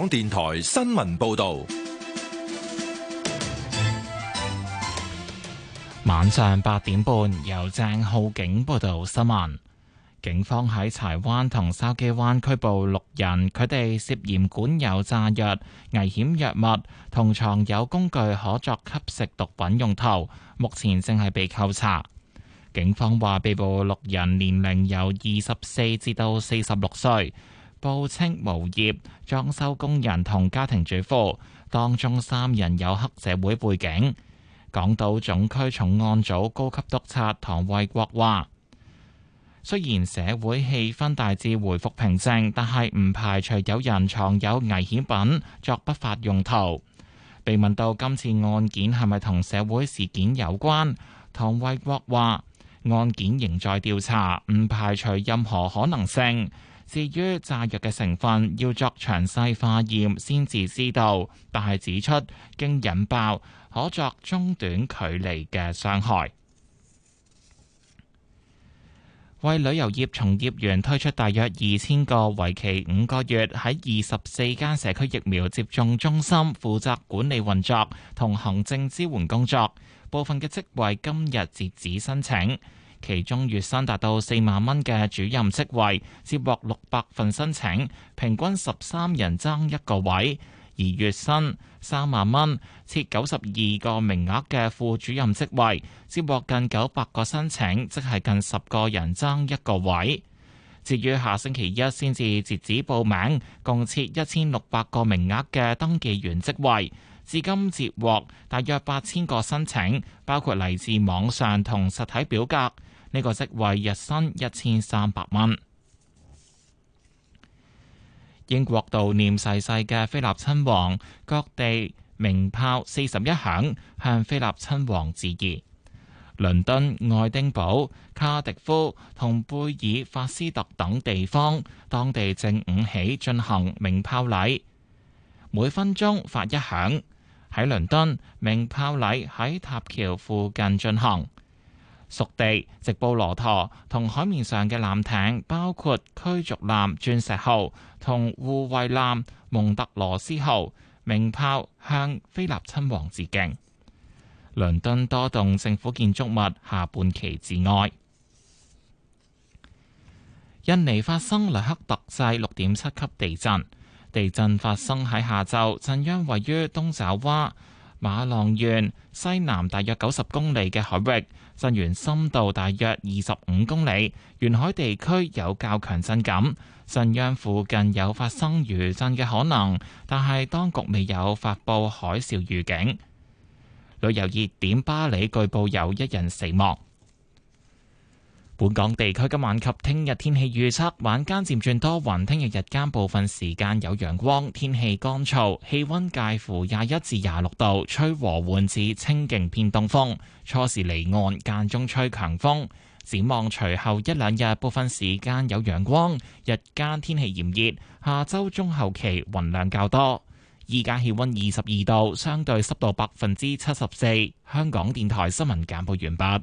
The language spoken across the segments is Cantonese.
港電台新聞報道，晚上八點半由鄭浩景報道新聞。警方喺柴灣同筲箕灣拘捕六人，佢哋涉嫌管有炸藥、危險藥物，同藏有工具可作吸食毒品用途。目前正係被扣查。警方話被捕六人年齡由二十四至到四十六歲。報稱無業裝修工人同家庭主婦，當中三人有黑社會背景。港島總區重案組高級督察唐衛國話：，雖然社會氣氛大致回復平靜，但係唔排除有人藏有危險品作不法用途。被問到今次案件係咪同社會事件有關？唐衛國話：，案件仍在調查，唔排除任何可能性。至於炸藥嘅成分，要作詳細化驗先至知道。但係指出，經引爆可作中短距離嘅傷害。為旅遊業從業員推出大約二千個為期五個月，喺二十四間社區疫苗接種中心負責管理運作同行政支援工作。部分嘅職位今日截止申請。其中月薪達到四萬蚊嘅主任職位接獲六百份申請，平均十三人爭一個位；而月薪三萬蚊、設九十二個名額嘅副主任職位接獲近九百個申請，即係近十個人爭一個位。至於下星期一先至截止報名，共設一千六百個名額嘅登記員職位，至今接獲大約八千個申請，包括嚟自網上同實體表格。呢個職位日薪一千三百蚊。英國悼念逝世嘅菲臘親王，各地鳴炮四十一響向菲臘親王致意。倫敦、愛丁堡、卡迪夫同貝爾法斯特等地方，當地正午起進行鳴炮禮，每分鐘發一響。喺倫敦，鳴炮禮喺塔橋附近進行。屬地、直布羅陀同海面上嘅艦艇，包括驅逐艦「鑽石號」同護衛艦「蒙特羅斯號」，鳴炮向菲臘親王致敬。倫敦多棟政府建築物下半旗致哀。印尼發生雷克特制六點七級地震，地震發生喺下晝，震央位於東爪哇。馬浪縣西南大約九十公里嘅海域，震源深度大約二十五公里，沿海地區有較強震感，震央附近有發生餘震嘅可能，但係當局未有發佈海嘯預警。旅遊熱點巴里據報有一人死亡。本港地區今晚及聽日天氣預測，晚間漸轉多雲，聽日日間部分時間有陽光，天氣乾燥，氣溫介乎廿一至廿六度，吹和緩至清勁偏東風，初時離岸間中吹強風，展望隨後一兩日部分時間有陽光，日間天氣炎熱，下週中後期雲量較多。依家，氣溫二十二度，相對濕度百分之七十四。香港電台新聞簡報完畢。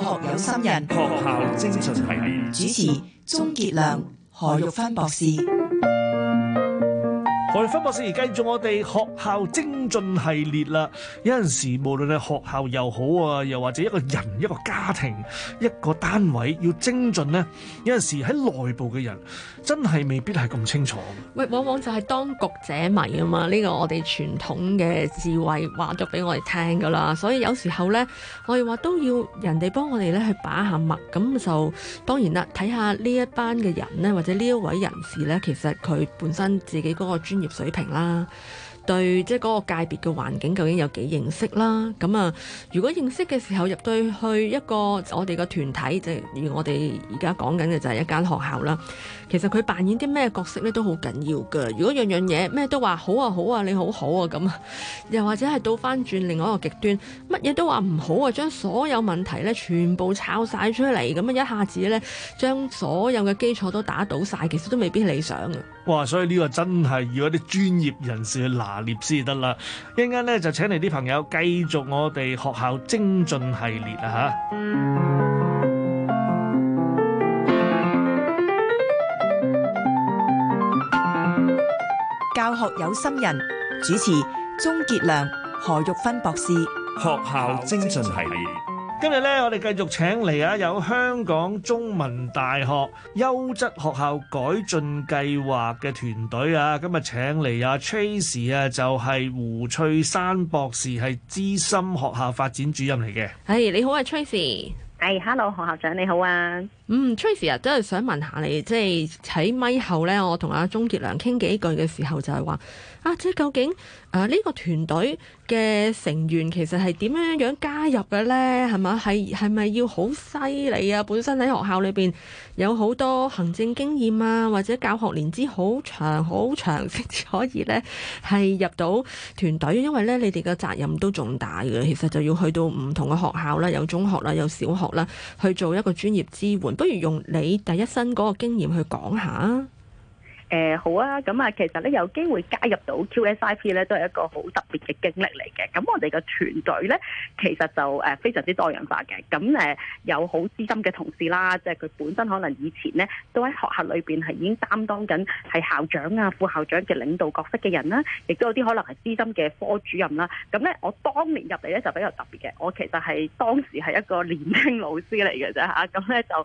教學有心人，學校精進系列。主持：鍾杰良、何玉芬博士。我哋分博士而繼續我哋學校精進系列啦。有陣時無論係學校又好啊，又或者一個人、一個家庭、一個單位要精進呢，有陣時喺內部嘅人真係未必係咁清楚。喂，往往就係當局者迷啊嘛。呢個我哋傳統嘅智慧話咗俾我哋聽噶啦。所以有時候呢，我哋話都要人哋幫我哋咧去把下脈，咁就當然啦，睇下呢一班嘅人呢，或者呢一位人士呢，其實佢本身自己嗰個專業。水平啦，對即係嗰個界別嘅環境究竟有幾認識啦？咁啊，如果認識嘅時候入到去一個我哋個團體，即係我哋而家講緊嘅就係一間學校啦。其實佢扮演啲咩角色咧都好緊要噶。如果樣樣嘢咩都話好啊好啊，你好好啊咁啊，又或者係倒翻轉另外一個極端，乜嘢都話唔好啊，將所有問題咧全部炒晒出嚟，咁啊一下子咧將所有嘅基礎都打倒晒，其實都未必理想哇！所以呢個真係要一啲專業人士去拿捏先得啦。一陣間咧就請嚟啲朋友繼續我哋學校精進系列啊嚇。教學有心人主持鍾傑良、何玉芬博士，學校精進系列。今日咧，我哋繼續請嚟啊，有香港中文大學優質學校改進計劃嘅團隊啊，今日請嚟啊 Tracey 啊，就係胡翠珊博士，係資深學校發展主任嚟嘅。唉，你好啊，Tracey。唉，Hello，何校長你好啊。嗯，Tracy 啊，真係想問下你，即係喺咪後咧，我同阿鍾傑良傾幾句嘅時候就係話啊，即係究竟啊呢個團隊嘅成員其實係點樣樣加入嘅咧？係咪係係咪要好犀利啊？本身喺學校裏邊有好多行政經驗啊，或者教學年資好長好長，先至可以咧係入到團隊，因為咧你哋嘅責任都仲大嘅，其實就要去到唔同嘅學校啦，有中學啦，有小學啦，去做一個專業支援。不如用你第一身嗰個經驗去講下啊。誒、嗯、好啊！咁、嗯、啊，其實咧有機會加入到 QSIP 咧，都係一個好特別嘅經歷嚟嘅。咁、嗯、我哋嘅團隊咧，其實就誒、呃、非常之多元化嘅。咁、嗯、誒、嗯、有好資深嘅同事啦，即係佢本身可能以前咧都喺學校裏邊係已經擔當緊係校長啊、副校長嘅領導角色嘅人啦，亦都有啲可能係資深嘅科主任啦。咁、嗯、咧我當年入嚟咧就比較特別嘅，我其實係當時係一個年輕老師嚟嘅啫嚇。咁、啊、咧、嗯、就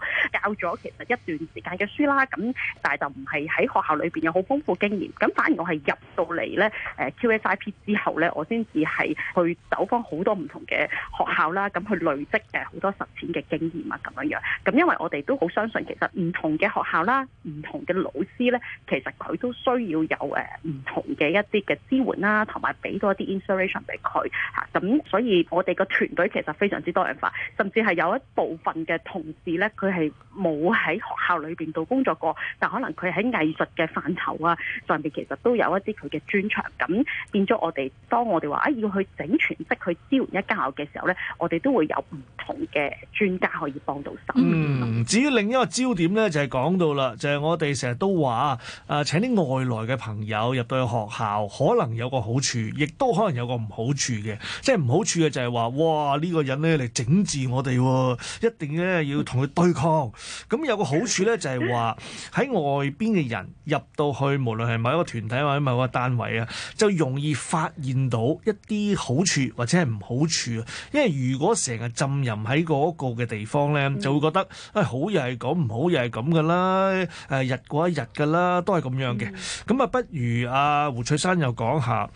教咗其實一段時間嘅書啦，咁但係就唔係喺學校，裏邊有好豐富經驗，咁反而我係入到嚟咧，誒 QSIP 之後咧，我先至係去走訪好多唔同嘅學校啦，咁去累積誒好多實踐嘅經驗啊，咁樣樣。咁因為我哋都好相信其、其實唔同嘅學校啦，唔同嘅老師咧，其實佢都需要有誒唔同嘅一啲嘅支援啦，同埋俾多啲 inspiration 俾佢吓。咁所以我哋個團隊其實非常之多元化，甚至係有一部分嘅同事咧，佢係冇喺學校裏邊度工作過，但可能佢喺藝術嘅範疇啊，上邊其實都有一啲佢嘅專長，咁變咗，我哋當我哋話啊要去整全職去支援一間學校嘅時候咧，我哋都會有唔同嘅專家可以幫到手。嗯，至於另一個焦點咧，就係、是、講到啦，就係、是、我哋成日都話啊、呃，請啲外來嘅朋友入到去學校，可能有個好處，亦都可能有個唔好處嘅，即係唔好處嘅就係話哇呢、這個人咧嚟整治我哋喎、啊，一定咧要同佢對抗。咁有個好處咧，就係話喺外邊嘅人。入到去，無論係某一個團體或者某一個單位啊，就容易發現到一啲好處或者係唔好處啊。因為如果成日浸淫喺嗰個嘅地方咧，就會覺得誒、嗯哎、好又係咁，唔好又係咁噶啦，誒日過一日噶啦，都係咁樣嘅。咁、嗯、啊，不如阿胡翠珊又講下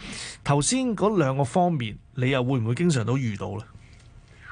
頭先嗰兩個方面，你又會唔會經常都遇到咧？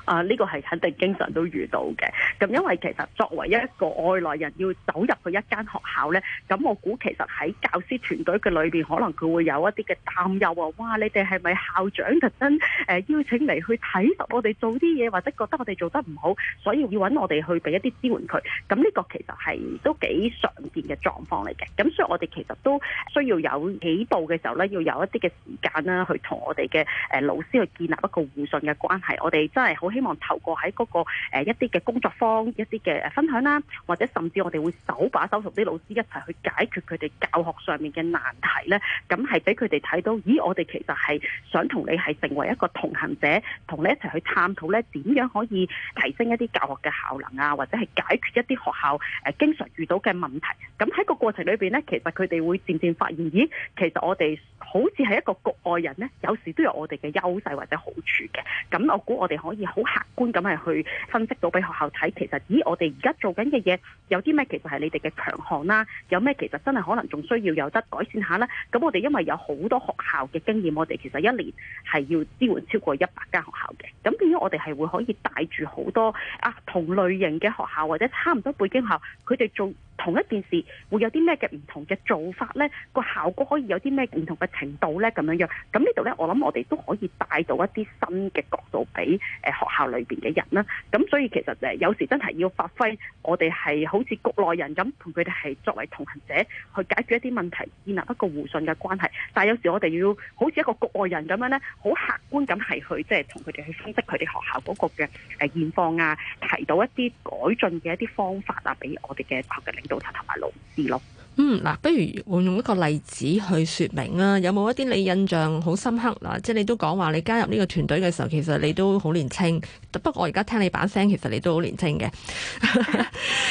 啊，呢、這個係肯定經常都遇到嘅。咁、嗯、因為其實作為一個外來人要走入去一間學校呢，咁、嗯、我估其實喺教師團隊嘅裏邊，可能佢會有一啲嘅擔憂啊。哇，你哋係咪校長特登、呃、邀請嚟去睇實我哋做啲嘢，或者覺得我哋做得唔好，所以要揾我哋去俾一啲支援佢。咁、嗯、呢、這個其實係都幾常見嘅狀況嚟嘅。咁、嗯、所以我哋其實都需要有起步嘅時候呢，要有一啲嘅時間啦，去同我哋嘅誒老師去建立一個互信嘅關係。我哋真係好～希望透過喺嗰個誒一啲嘅工作坊、一啲嘅分享啦，或者甚至我哋會手把手同啲老師一齊去解決佢哋教學上面嘅難題呢，咁係俾佢哋睇到，咦，我哋其實係想同你係成為一個同行者，同你一齊去探討呢點樣可以提升一啲教學嘅效能啊，或者係解決一啲學校誒經常遇到嘅問題。咁喺個過程裏邊呢，其實佢哋會漸漸發現，咦，其實我哋好似係一個局外人呢，有時都有我哋嘅優勢或者好處嘅。咁我估我哋可以好。客觀咁係去分析到俾學校睇，其實，咦，我哋而家做緊嘅嘢有啲咩？其實係你哋嘅強項啦，有咩其實真係可能仲需要有得改善下啦。咁我哋因為有好多學校嘅經驗，我哋其實一年係要支援超過一百間學校嘅。咁，變咗我哋係會可以帶住好多啊同類型嘅學校或者差唔多背景校，佢哋做同一件事會有啲咩嘅唔同嘅做法呢？個效果可以有啲咩唔同嘅程度呢？咁樣樣，咁呢度呢，我諗我哋都可以帶到一啲新嘅角度俾誒、呃、學。校裏邊嘅人啦，咁所以其實誒，有時真係要發揮我哋係好似局內人咁，同佢哋係作為同行者去解決一啲問題，建立一個互信嘅關係。但係有時我哋要好似一個局外人咁樣咧，好客觀咁係去即係同佢哋去分析佢哋學校嗰個嘅誒現況啊，提到一啲改進嘅一啲方法啊，俾我哋嘅學校嘅領導層同埋老師咯。嗯，嗱、啊，不如我用一個例子去說明啊？有冇一啲你印象好深刻嗱、啊？即係你都講話你加入呢個團隊嘅時候，其實你都好年輕。不過我而家聽你把聲，其實你都好年輕嘅。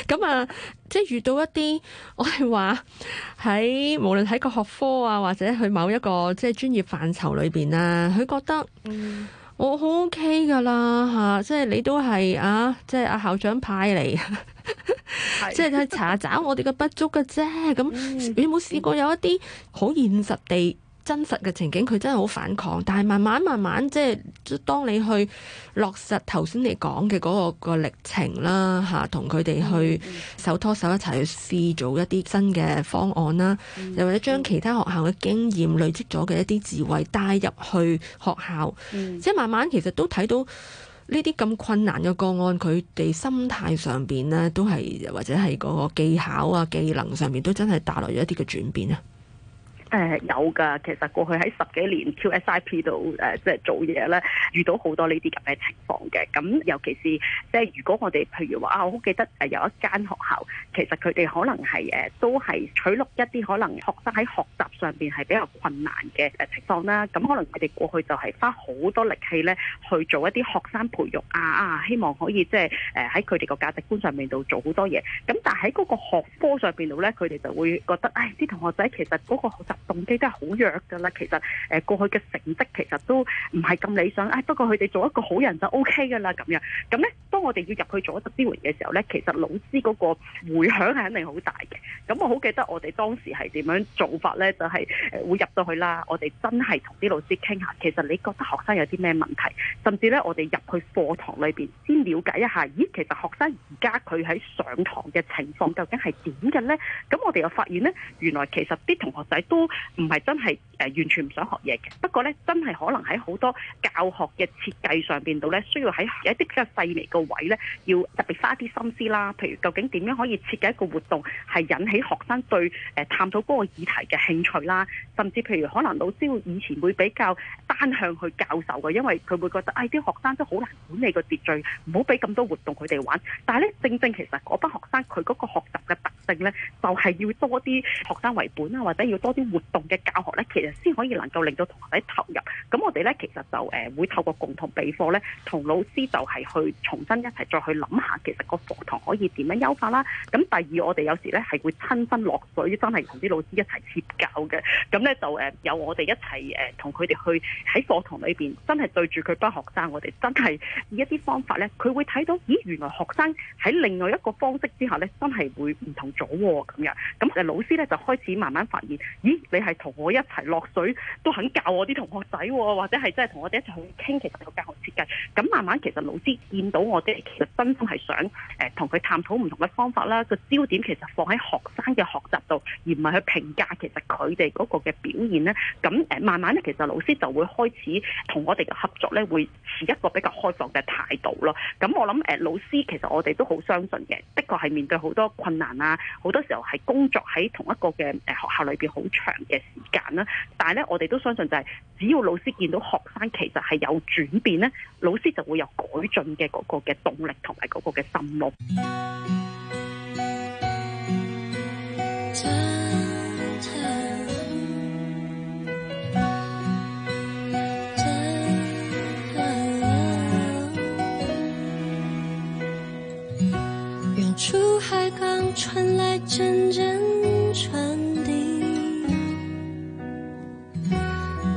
咁 啊，即係遇到一啲，我係話喺無論喺個學科啊，或者去某一個即係專業範疇裏邊啊，佢覺得。嗯我好、哦、OK 噶啦嚇，即係你都係啊，即係阿、啊、校長派嚟， 即係去查找我哋嘅不足嘅啫。咁你有冇試過有一啲好現實地真實嘅情景，佢真係好反抗，但係慢慢慢慢，即係當你去落實頭先你講嘅嗰個、嗰個歷程啦，嚇同佢哋去手拖手一齊去試做一啲新嘅方案啦，嗯、又或者將其他學校嘅經驗、嗯、累積咗嘅一啲智慧帶入去學校，嗯、即係慢慢其實都睇到呢啲咁困難嘅個案，佢哋心態上邊呢，都係或者係個技巧啊、技能上面，都真係帶來咗一啲嘅轉變啊！誒有㗎，其實過去喺十幾年 QSIP 度誒即係做嘢咧，遇到好多呢啲咁嘅情況嘅。咁尤其是即係如果我哋譬如話啊，我好記得誒有一間學校，其實佢哋可能係誒都係取錄一啲可能學生喺學習上邊係比較困難嘅誒情況啦。咁可能佢哋過去就係花好多力氣咧去做一啲學生培育啊啊，希望可以即係誒喺佢哋個價值觀上面度做好多嘢。咁但係喺嗰個學科上邊度咧，佢哋就會覺得誒啲、哎、同學仔其實嗰個學習動機都係好弱㗎啦，其實誒過去嘅成績其實都唔係咁理想，誒、哎、不過佢哋做一個好人就 O K 㗎啦咁樣。咁咧當我哋要入去做一級支援嘅時候咧，其實老師嗰個迴響係肯定好大嘅。咁我好記得我哋當時係點樣做法咧，就係、是、誒會入到去啦。我哋真係同啲老師傾下，其實你覺得學生有啲咩問題？甚至咧我哋入去課堂裏邊先了解一下，咦其實學生而家佢喺上堂嘅情況究竟係點嘅咧？咁我哋又發現咧，原來其實啲同學仔都。唔係真係誒完全唔想學嘢嘅，不過呢，真係可能喺好多教學嘅設計上邊度呢，需要喺一啲比較細微個位呢，要特別花啲心思啦。譬如究竟點樣可以設計一個活動，係引起學生對誒探討嗰個議題嘅興趣啦？甚至譬如可能老師以前會比較單向去教授嘅，因為佢會覺得誒、哎、啲學生都好難管理個秩序，唔好俾咁多活動佢哋玩。但係呢，正正其實嗰班學生佢嗰個學習嘅特性呢，就係、是、要多啲學生為本啊，或者要多啲活。動嘅教學咧，其實先可以能夠令到同學仔投入。咁我哋咧，其實就誒、呃、會透過共同備課咧，同老師就係去重新一齊再去諗下，其實個課堂可以點樣優化啦。咁第二，我哋有時咧係會親身落水，真係同啲老師一齊協教嘅。咁咧就誒、呃、有我哋一齊誒同佢哋去喺課堂裏邊，真係對住佢班學生，我哋真係以一啲方法咧，佢會睇到，咦，原來學生喺另外一個方式之下咧，真係會唔同咗咁、啊、樣。咁誒，老師咧就開始慢慢發現，咦？你係同我一齊落水，都肯教我啲同學仔，哦，或者係真係同我哋一齊去傾其實個教學設計。咁慢慢其實老師見到我哋，其實真心係想誒同佢探討唔同嘅方法啦。個焦點其實放喺學生嘅學習度，而唔係去評價其實佢哋嗰個嘅表現咧。咁誒慢慢咧，其實老師就會開始同我哋嘅合作咧，會持一個比較開放嘅態度咯。咁我諗誒老師其實我哋都好相信嘅，的確係面對好多困難啊，好多時候係工作喺同一個嘅誒學校裏邊好長嘅時間啦，但係咧，我哋都相信就係，只要老師見到學生其實係有轉變咧，老師就會有改進嘅嗰個嘅動力同埋嗰個嘅心路。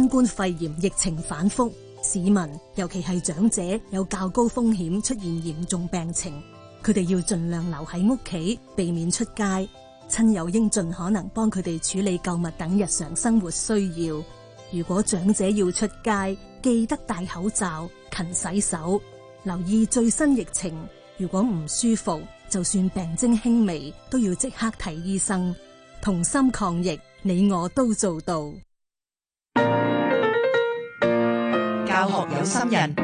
新冠肺炎疫情反覆，市民尤其係長者有較高風險出現嚴重病情，佢哋要盡量留喺屋企，避免出街。親友應盡可能幫佢哋處理購物等日常生活需要。如果長者要出街，記得戴口罩、勤洗手，留意最新疫情。如果唔舒服，就算病徵輕微，都要即刻睇醫生。同心抗疫，你我都做到。教學有心人，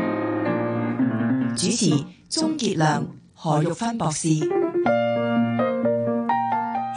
主持鍾杰良、何玉芬博士。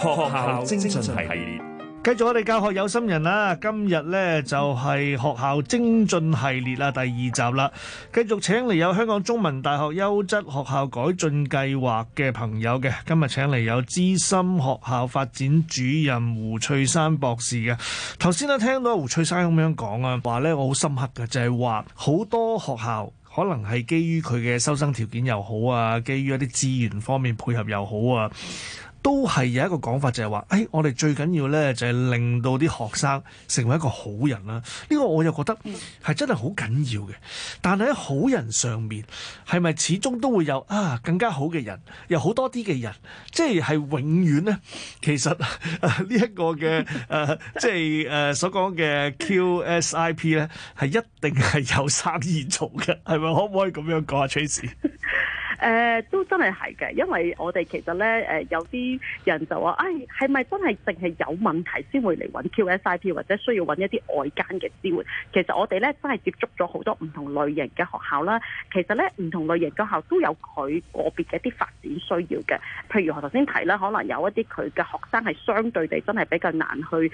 學校精進系列。繼續我哋教學有心人啦，今日呢，就係、是、學校精進系列啦，第二集啦。繼續請嚟有香港中文大學優質學校改進計劃嘅朋友嘅，今日請嚟有資深學校發展主任胡翠珊博士嘅。頭先都聽到胡翠珊咁樣講啊，話呢我好深刻嘅，就係話好多學校可能係基於佢嘅收生條件又好啊，基於一啲資源方面配合又好啊。都係有一個講法，就係話，誒，我哋最緊要呢，就係令到啲學生成為一個好人啦。呢個我又覺得係真係好緊要嘅。但係喺好人上面，係咪始終都會有啊更加好嘅人，有好多啲嘅人，即係永遠呢？其實呢一個嘅誒，即係所講嘅 QSIP 呢，係一定係有生意做嘅，係咪？可唔可以咁樣講啊，Tracy？誒、呃、都真係係嘅，因為我哋其實咧誒、呃、有啲人就話，哎係咪真係淨係有問題先會嚟揾 QSIP 或者需要揾一啲外間嘅支援？其實我哋咧真係接觸咗好多唔同類型嘅學校啦。其實咧唔同類型嘅學校都有佢個別嘅一啲發展需要嘅。譬如我頭先提啦，可能有一啲佢嘅學生係相對地真係比較難去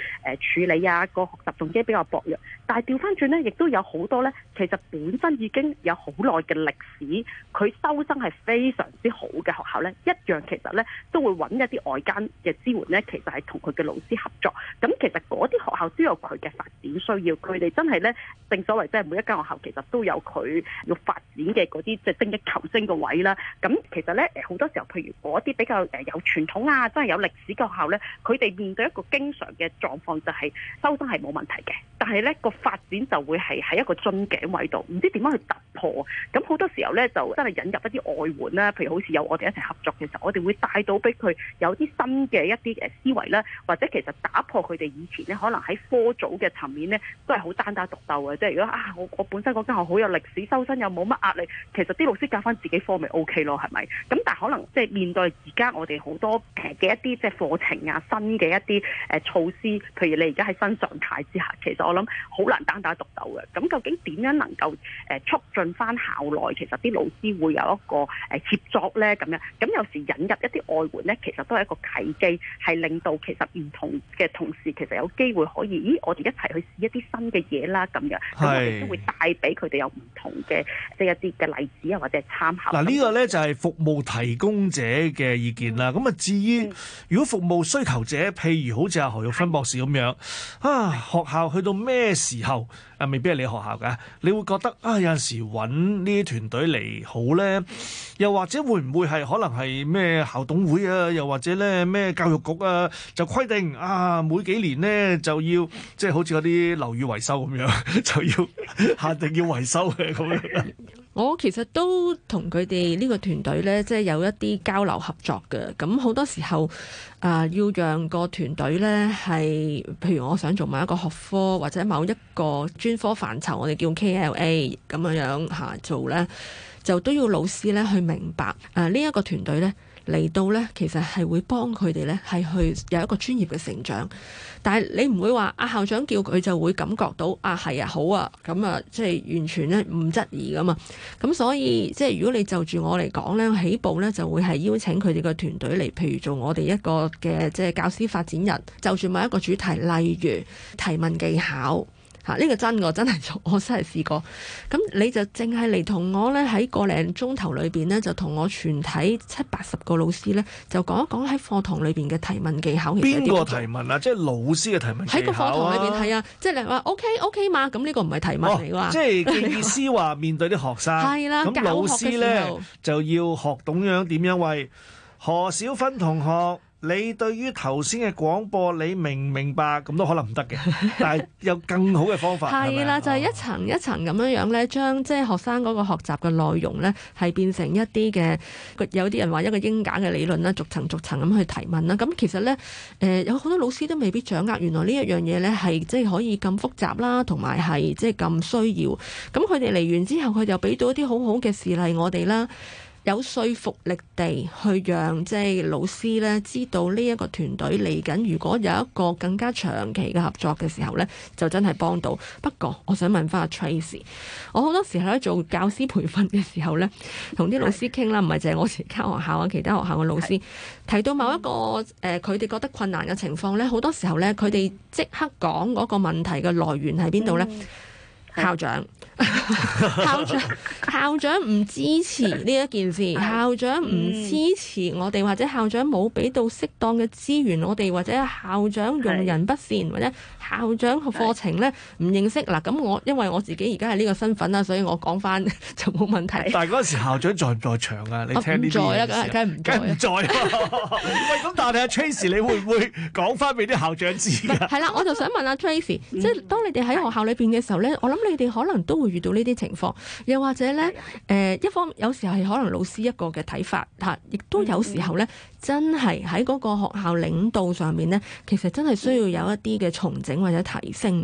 誒處理啊，個學習動機比較薄弱。但係掉返轉咧，亦都有好多咧，其實本身已經有好耐嘅歷史，佢收生係非常之好嘅學校咧，一樣其實咧都會揾一啲外間嘅支援咧，其實係同佢嘅老師合作。咁其實嗰啲學校都有佢嘅發展需要，佢哋真係呢，正所謂即係每一間學校其實都有佢要發展嘅嗰啲即係精益求精嘅位啦。咁其實呢，好多時候，譬如嗰啲比較誒有傳統啊，真係有歷史嘅學校呢，佢哋面對一個經常嘅狀況就係收生係冇問題嘅，但係呢個發展就會係喺一個樽頸位度，唔知點樣去突。破。咁好多時候咧，就真係引入一啲外援啦。譬如好似有我哋一齊合作嘅時候，我哋會帶到俾佢有啲新嘅一啲誒思維啦，或者其實打破佢哋以前咧，可能喺科組嘅層面咧，都係好單打獨鬥嘅。即係如果啊，我我本身嗰間學好有歷史修身，又冇乜壓力，其實啲老師教返自己科咪 OK 咯，係咪？咁但係可能即係面對而家我哋好多嘅一啲即係課程啊、新嘅一啲誒措施，譬如你而家喺新常態之下，其實我諗好難單打獨鬥嘅。咁究竟點樣能夠誒促進翻校內，其實啲老師會有一個誒協作咧，咁樣咁有時引入一啲外援咧，其實都係一個契機，係令到其實唔同嘅同事其實有機會可以，咦，我哋一齊去試一啲新嘅嘢啦，咁樣咁我哋都會帶俾佢哋有唔同嘅即係一啲嘅例子啊，或者係參考。嗱呢個咧就係服務提供者嘅意見啦。咁啊至於如果服務需求者，譬如好似阿何玉芬博士咁樣啊，學校去到咩時候啊，未必係你學校噶，你會覺得啊有陣時。揾呢啲團隊嚟好咧，又或者會唔會係可能係咩校董會啊？又或者咧咩教育局啊？就規定啊，每幾年咧就要即係、就是、好似嗰啲樓宇維修咁樣， 就要限定要維修嘅咁樣。 我其實都同佢哋呢個團隊呢，即係有一啲交流合作嘅。咁好多時候，呃，要讓個團隊呢，係，譬如我想做某一個學科或者某一個專科範疇，我哋叫 KLA 咁樣樣做呢，就都要老師呢去明白啊呢一個團隊呢。嚟到呢，其實係會幫佢哋呢，係去有一個專業嘅成長。但係你唔會話阿校長叫佢就會感覺到啊，係啊，好啊，咁啊，即係完全咧唔質疑噶嘛。咁所以即係如果你就住我嚟講呢，起步呢就會係邀請佢哋個團隊嚟，譬如做我哋一個嘅即係教師發展日，就住某一個主題，例如提問技巧。嚇！呢、啊這個真，真我真係我真係試過。咁你就淨係嚟同我咧喺個零鐘頭裏邊咧，就同我全體七八十個老師咧，就講一講喺課堂裏邊嘅提問技巧。其實邊個提問啊？即係老師嘅提問、啊。喺個課堂裏邊係啊！即係你話 OK OK 嘛？咁、這、呢個唔係提問嚟啩？哦、說即係意思話面對啲學生。係啦、 啊。咁老師咧就要學懂樣點樣為何小芬同學。你對於頭先嘅廣播，你明唔明白？咁都可能唔得嘅，但係有更好嘅方法。係啦 嗎，就係、是、一層一層咁樣樣咧，將即係學生嗰個學習嘅內容咧，係變成一啲嘅，有啲人話一個英解嘅理論啦，逐層逐層咁去提問啦。咁其實咧，誒、呃、有好多老師都未必掌握，原來呢一樣嘢咧係即係可以咁複雜啦，同埋係即係咁需要。咁佢哋嚟完之後，佢又俾到一啲好好嘅示例我哋啦。有說服力地去讓即係老師咧知道呢一個團隊嚟緊，如果有一個更加長期嘅合作嘅時候咧，就真係幫到。不過我想問返阿 Tracy，我好多時候咧做教師培訓嘅時候咧，同啲老師傾啦，唔係淨係我自己學校啊，其他學校嘅老師是提到某一個誒佢哋覺得困難嘅情況咧，好多時候咧佢哋即刻講嗰個問題嘅來源喺邊度咧？校長。 校長，校長唔支持呢一件事，校長唔支持我哋，或者校長冇俾到適當嘅資源我哋，或者校長用人不善，或者校長課程咧唔認識嗱。咁我因為我自己而家係呢個身份啦，所以我講翻就冇問題。但係嗰時校長在唔在場啊？你聽呢？唔在啊？梗係唔，梗唔在。在在 喂，咁但係阿 Tracy，你會唔會講翻俾啲校長知啊？係啦，我就想問阿、啊、Tracy，、嗯、即係當你哋喺學校裏邊嘅時候咧，我諗你哋可能都。會遇到呢啲情況，又或者咧，誒、呃，一方有時候係可能老師一個嘅睇法，吓，亦都有時候咧。真係喺嗰個學校領導上面咧，其實真係需要有一啲嘅重整或者提升。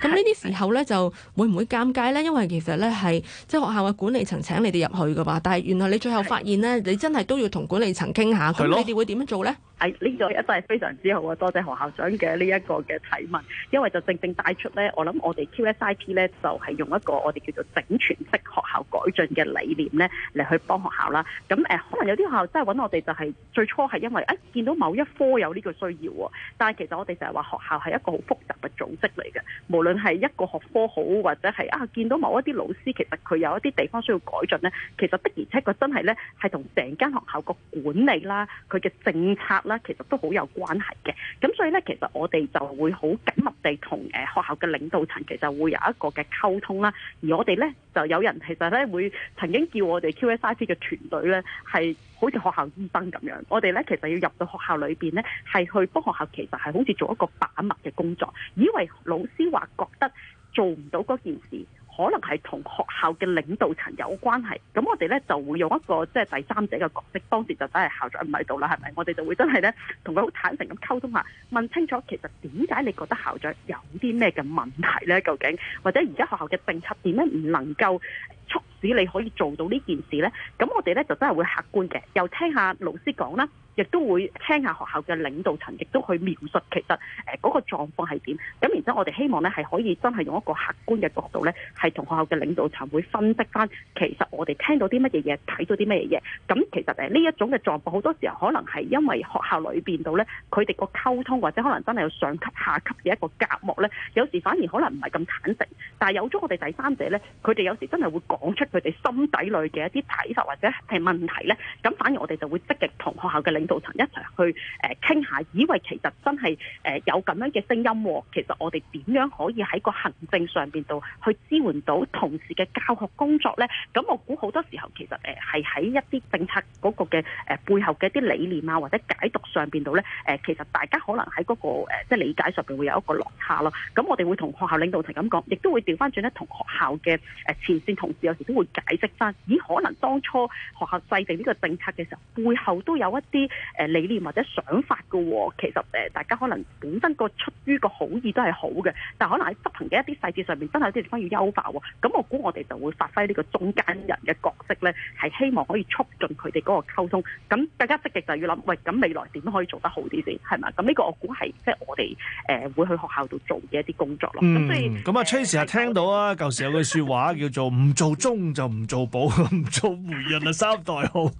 咁呢啲時候咧，就會唔會尷尬咧？因為其實咧係即係學校嘅管理層請你哋入去嘅嘛。但係原來你最後發現咧，的你真係都要同管理層傾下。係咯的。咁你哋會點樣做咧？係呢、哎這個一真係非常之好啊！多謝學校長嘅呢一個嘅提問，因為就正正帶出咧，我諗我哋 QSIP 咧就係、是、用一個我哋叫做整全式學校改進嘅理念咧嚟去幫學校啦。咁誒、呃、可能有啲學校真係揾我哋就係。最科係因為誒、啊、見到某一科有呢個需要喎，哦，但係其實我哋成日話學校係一個好複雜嘅組織嚟嘅，無論係一個學科好，或者係啊見到某一啲老師，其實佢有一啲地方需要改進呢，其實的而且確真係呢係同成間學校個管理啦，佢嘅政策啦，其實都好有關係嘅。咁所以呢，其實我哋就會好緊密地同誒學校嘅領導層，其實會有一個嘅溝通啦。而我哋呢，就有人其實呢會曾經叫我哋 QSIP 嘅團隊呢係。好似學校醫生咁樣，我哋咧其實要入到學校裏邊咧，係去幫學校其實係好似做一個把脈嘅工作。以為老師話覺得做唔到嗰件事，可能係同學校嘅領導層有關係。咁我哋咧就會用一個即係第三者嘅角色，當時就真係校長唔喺度啦，係咪？我哋就會真係咧同佢好坦誠咁溝通下，問清楚其實點解你覺得校長有啲咩嘅問題咧？究竟或者而家學校嘅政策點解唔能夠促？你可以做到呢件事咧，咁我哋咧就真係會客觀嘅，又聽下老師講啦。亦都會聽下學校嘅領導層，亦都去描述其實誒嗰、呃那個狀況係點。咁然之後，我哋希望咧係可以真係用一個客觀嘅角度咧，係同學校嘅領導層會分析翻其實我哋聽到啲乜嘢嘢，睇到啲乜嘢嘢。咁其實誒呢、呃、一種嘅狀況，好多時候可能係因為學校裏邊到咧佢哋個溝通，或者可能真係有上級下級嘅一個隔膜咧。有時反而可能唔係咁坦誠。但係有咗我哋第三者咧，佢哋有時真係會講出佢哋心底裡嘅一啲睇法，或者係問題咧。咁反而我哋就會積極同學校嘅領導導層一齊去誒傾下，以為其實真係誒有咁樣嘅聲音。其實我哋點樣可以喺個行政上邊度去支援到同事嘅教學工作呢？咁我估好多時候其實誒係喺一啲政策嗰個嘅誒背後嘅一啲理念啊，或者解讀上邊度呢。誒、欸，其實大家可能喺嗰、那個誒、呃、即係理解上邊會有一個落差咯。咁我哋會同學校領導層咁講，亦都會調翻轉咧同學校嘅誒前線同事有時都會解釋翻，以、欸、可能當初學校制定呢個政策嘅時候，背後都有一啲。誒理念或者想法嘅喎，其實誒大家可能本身個出於個好意都係好嘅，但可能喺執行嘅一啲細節上面，真係有啲地方要優化喎。咁我估我哋就會發揮呢個中間人嘅角色咧，係希望可以促進佢哋嗰個溝通。咁更加積極就係要諗，喂，咁未來點可以做得好啲先係咪？咁呢個我估係即係我哋誒會去學校度做嘅一啲工作咯。咁所以咁啊，Tracy 又聽到啊，舊時有句説話叫做唔做中就唔做保，唔做媒人啊，三代好。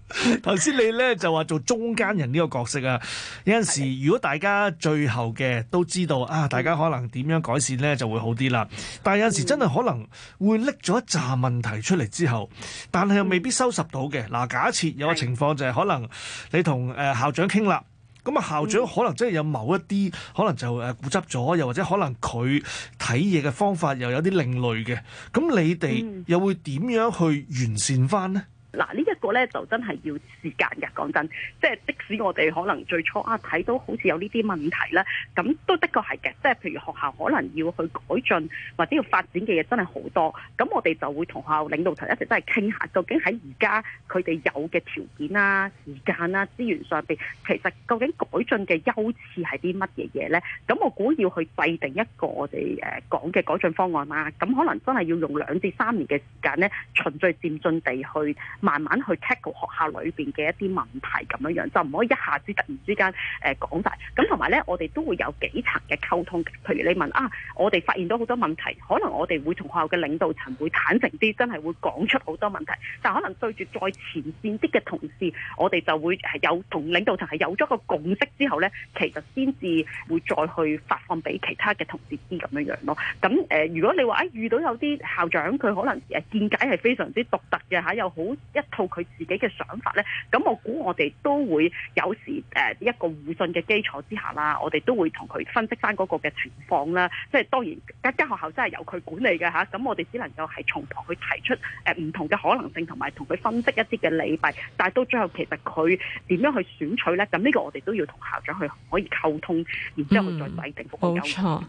頭先你咧就話做中間。奸人呢個角色啊，有陣時如果大家最後嘅都知道啊，大家可能點樣改善呢就會好啲啦。但係有陣時真係可能會拎咗一扎問題出嚟之後，但係又未必收拾到嘅。嗱、嗯，假設有個情況就係可能你同誒校長傾啦，咁啊的校長可能真係有某一啲可能就誒固執咗，又或者可能佢睇嘢嘅方法又有啲另類嘅，咁你哋又會點樣去完善翻呢？嗱呢一個咧就真係要時間㗎，講真，即係即使我哋可能最初啊睇到好似有呢啲問題啦，咁、嗯、都的確係嘅，即係譬如學校可能要去改進或者要發展嘅嘢真係好多，咁、嗯、我哋就會同學校領導層一齊真係傾下，究竟喺而家佢哋有嘅條件啊、時間啊、資源上邊，其實究竟改進嘅優次係啲乜嘢嘢咧？咁、嗯、我估要去制定一個我哋誒講嘅改進方案啦、啊，咁、嗯、可能真係要用兩至三年嘅時間咧，循序漸進地去。慢慢去 check 個學校裏邊嘅一啲問題咁樣樣，就唔可以一下子突然之間誒講曬。咁同埋呢，我哋都會有幾層嘅溝通。譬如你問啊，我哋發現到好多問題，可能我哋會同學校嘅領導層會坦誠啲，真係會講出好多問題。但可能對住再前線啲嘅同事，我哋就會係有同領導層係有咗個共識之後呢，其實先至會再去發放俾其他嘅同事知咁樣樣咯。咁誒、呃，如果你話啊遇到有啲校長佢可能誒見解係非常之獨特嘅吓，又、啊、好有一套佢自己嘅想法咧，咁我估我哋都會有時誒、呃、一個互信嘅基礎之下啦，我哋都會同佢分析翻嗰個嘅情況啦。即係當然間間學校真係由佢管理嘅吓，咁我哋只能夠係從旁去提出誒唔、呃、同嘅可能性，同埋同佢分析一啲嘅利弊。但係到最後其實佢點樣去選取咧？咁呢個我哋都要同校長去可以溝通，然之後去再制定符合嘅。嗱、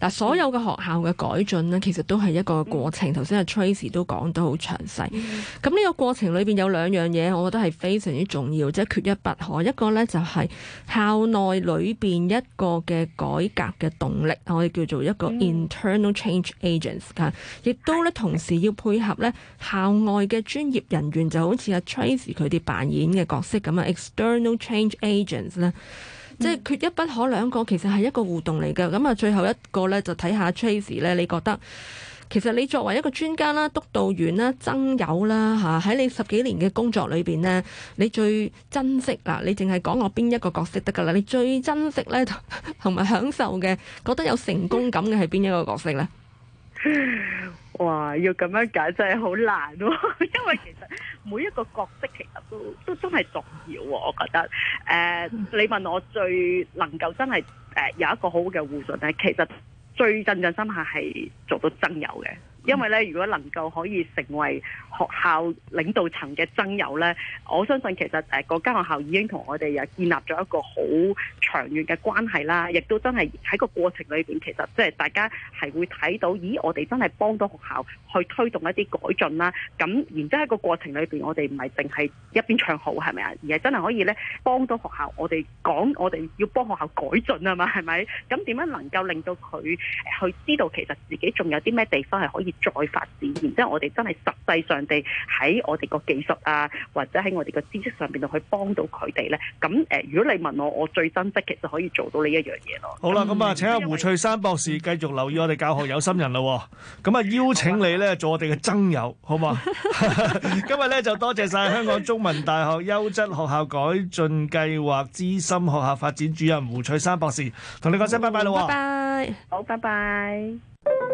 嗯、所有嘅學校嘅改進咧，其實都係一個過程。頭先阿 Tracy 都講得好詳細，咁呢、嗯、個過程。裡邊有兩樣嘢，我覺得係非常之重要，即係缺一不可。一個呢就係校內裏邊一個嘅改革嘅動力，我哋叫做一個 internal change agents。亦、mm. 都咧同時要配合呢校外嘅專業人員，就好似阿 Tracey 佢哋扮演嘅角色咁啊，external change agents 呢，即係缺一不可兩個，其實係一個互動嚟嘅。咁啊，最後一個呢，就睇下 Tracey 咧，你覺得？其實你作為一個專家啦、督導員啦、諍友啦嚇，喺你十幾年嘅工作裏邊咧，你最珍惜嗱，你淨係講我邊一個角色得㗎啦？你最珍惜咧同埋享受嘅，覺得有成功感嘅係邊一個角色咧？哇！要咁樣解釋真係好難喎，因為其實每一個角色其實都都真係重要喎。我覺得誒，你問我最能夠真係誒有一個好嘅互信咧，其實。最震人心下係做到諍友嘅。因為咧，如果能夠可以成為學校領導層嘅諍友咧，我相信其實誒間學校已經同我哋又建立咗一個好長遠嘅關係啦。亦都真係喺個過程裏邊，其實即係大家係會睇到，咦，我哋真係幫到學校去推動一啲改進啦。咁然之後個過程裏邊我哋唔係淨係一邊唱好係咪啊？而係真係可以咧幫到學校，我哋講我哋要幫學校改進啊嘛，係咪？咁點樣能夠令到佢去知道其實自己仲有啲咩地方係可以？再發展，然之後我哋真係實際上地喺我哋個技術啊，或者喺我哋個知識上邊度去幫到佢哋呢。咁誒、呃，如果你問我，我最珍惜其實可以做到呢一樣嘢咯。好啦，咁啊，為請阿胡翠珊博士繼續留意我哋教學有心人咯。咁啊， 邀請你呢做我哋嘅增友，好唔好啊？ 今日呢，就多謝晒香港中文大學優質學校改進計劃資深學校發展主任胡翠珊博士，同你講聲拜拜啦。好拜，拜，好，拜拜。